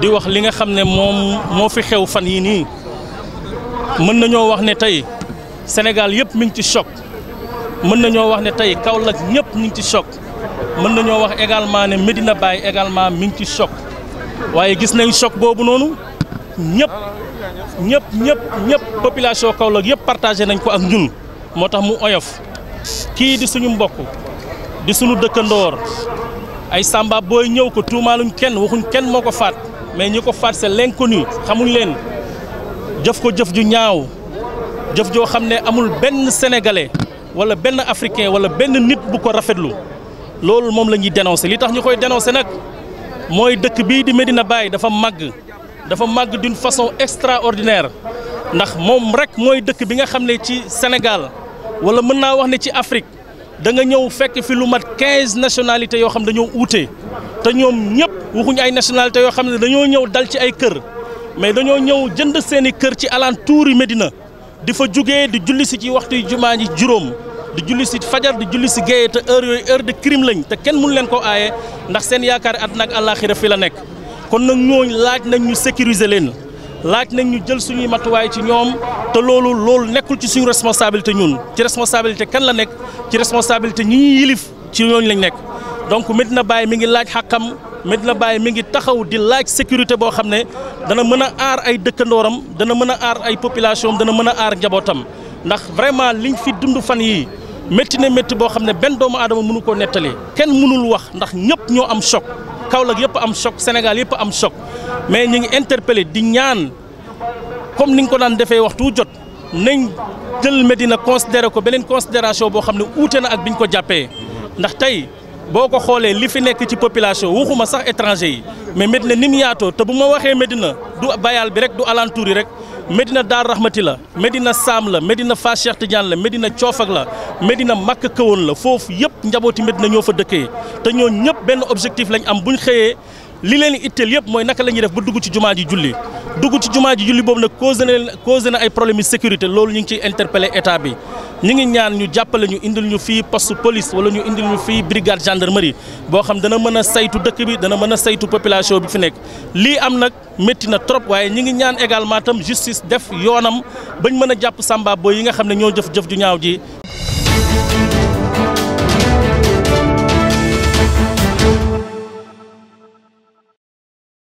di wax li nga xam ne moom moo fi xew fan yii nii mën nañoo wax ne tey Sénégal yëpp mi ngi ci choc mën nañoo wax ne tey Kaolack ñëpp ñu ngi ci choc mën nañoo wax également ne Medina bàyyi également mi ngi ci choc waaye gis nañ choc boobu noonu ñëpp ñëpp ñëpp ñëpp population Kaolack yëpp partagé nañ ko ak ñun moo tax mu oyof kii di suñu mbokk di suñu dëkkandoor ay Samba booy ñëw ko tuumaaluñ kenn waxuñ kenn moo ko faat mais ñi ko faire l'inconnu xamuñ leen ko jëf ju ñaaw jëf amul Ben sénégalais wala Ben africain wala ben nit bu ko rafetlu lool mom la dénoncer li tax ñukoy dénoncer nak moy dëkk bi di Medina Baye dafa mag, dafa mag d'une façon extraordinaire ndax mom rek moy dëkk bi nga Sénégal wala Afrique da nga ñëw fekk fi nationalités te ñoom ñëpp waxuñu ay nationalité yoo xam ne dañoo ñëw dal ci ay kër mais dañoo ñëw jënd seeni kër ci alentour yi Médina di fa jóge di julli si ci waxtu jumaa ji juróom di julli si fajar di julli si géeye te heure yooyu heure de crime lañ te kenn mënu leen ko aaye ndax seen yaakaar àddina ak àllaaxira fi la nekk kon nag ñooñ laaj nañ ñu sécuriser leen laaj nañ ñu jël suñuy matuwaay ci ñoom te loolu loolu nekkul ci suñu responsabilité ñun ci responsabilité kan la nekk ci responsabilité ñi ñuy yilif ci ñooñ lañ nekk donc Medina bàyyi mi ngi laaj xàqam Medina bàyyi mi ngi taxaw di laaj sécurité boo xam ne dana mën a aar ay dëkkandooram dana mën a aar ay population dana mën a aar njabootam ndax vraiment liñ fi dund fan yii métti na métti boo xam ne benn doomu aadama mënu koo nettali kenn mënul wax ndax ñëpp ñoo am choc Kaolack yëpp am choc Sénégal yëpp am choc mais ñu ngi interpellé di ñaan comme ni nga ko daan defee waxtu jot nañ jël Medina considéré ko beneen considération boo xam ne uute na ak biñ ko jàppee ndax tey boo ko xoolee li fi nekk ci population waxuma sax étranger yi mais Medina ni mu yaatoo te bu ma waxee Medina du bayal bi rek du alentour yi rek Medina Daar Rahmati la Medina Saam la Medina Fass Cheikh Tidiane la Medina coofag la Medina Makka Kawoon la foofu yëpp njabooti Medina ñoo fa dëkkee te ñoo ñëpp benn objectif lañ am buñ xëyee li leen itteel yëpp mooy naka la ñuy def ba dugg ci jumaa ji julli dugg ci jumaa ji julli boobu nag causé na causé na ay problèmes sécurité loolu ñu ngi ciy interpellé état bi. ñu ngi ñaan ñu jàppale ñu indil ñu fii poste police wala ñu indi ñu fii brigade gendarmerie boo xam dana mën a saytu dëkk bi dana mën a saytu population bi fi nekk lii am nag métti na trop waaye ñu ngi ñaan également tam justice def yoonam bañ mën a jàpp Samba yi nga xam ne ñoo jëf jëf ju ñaaw ji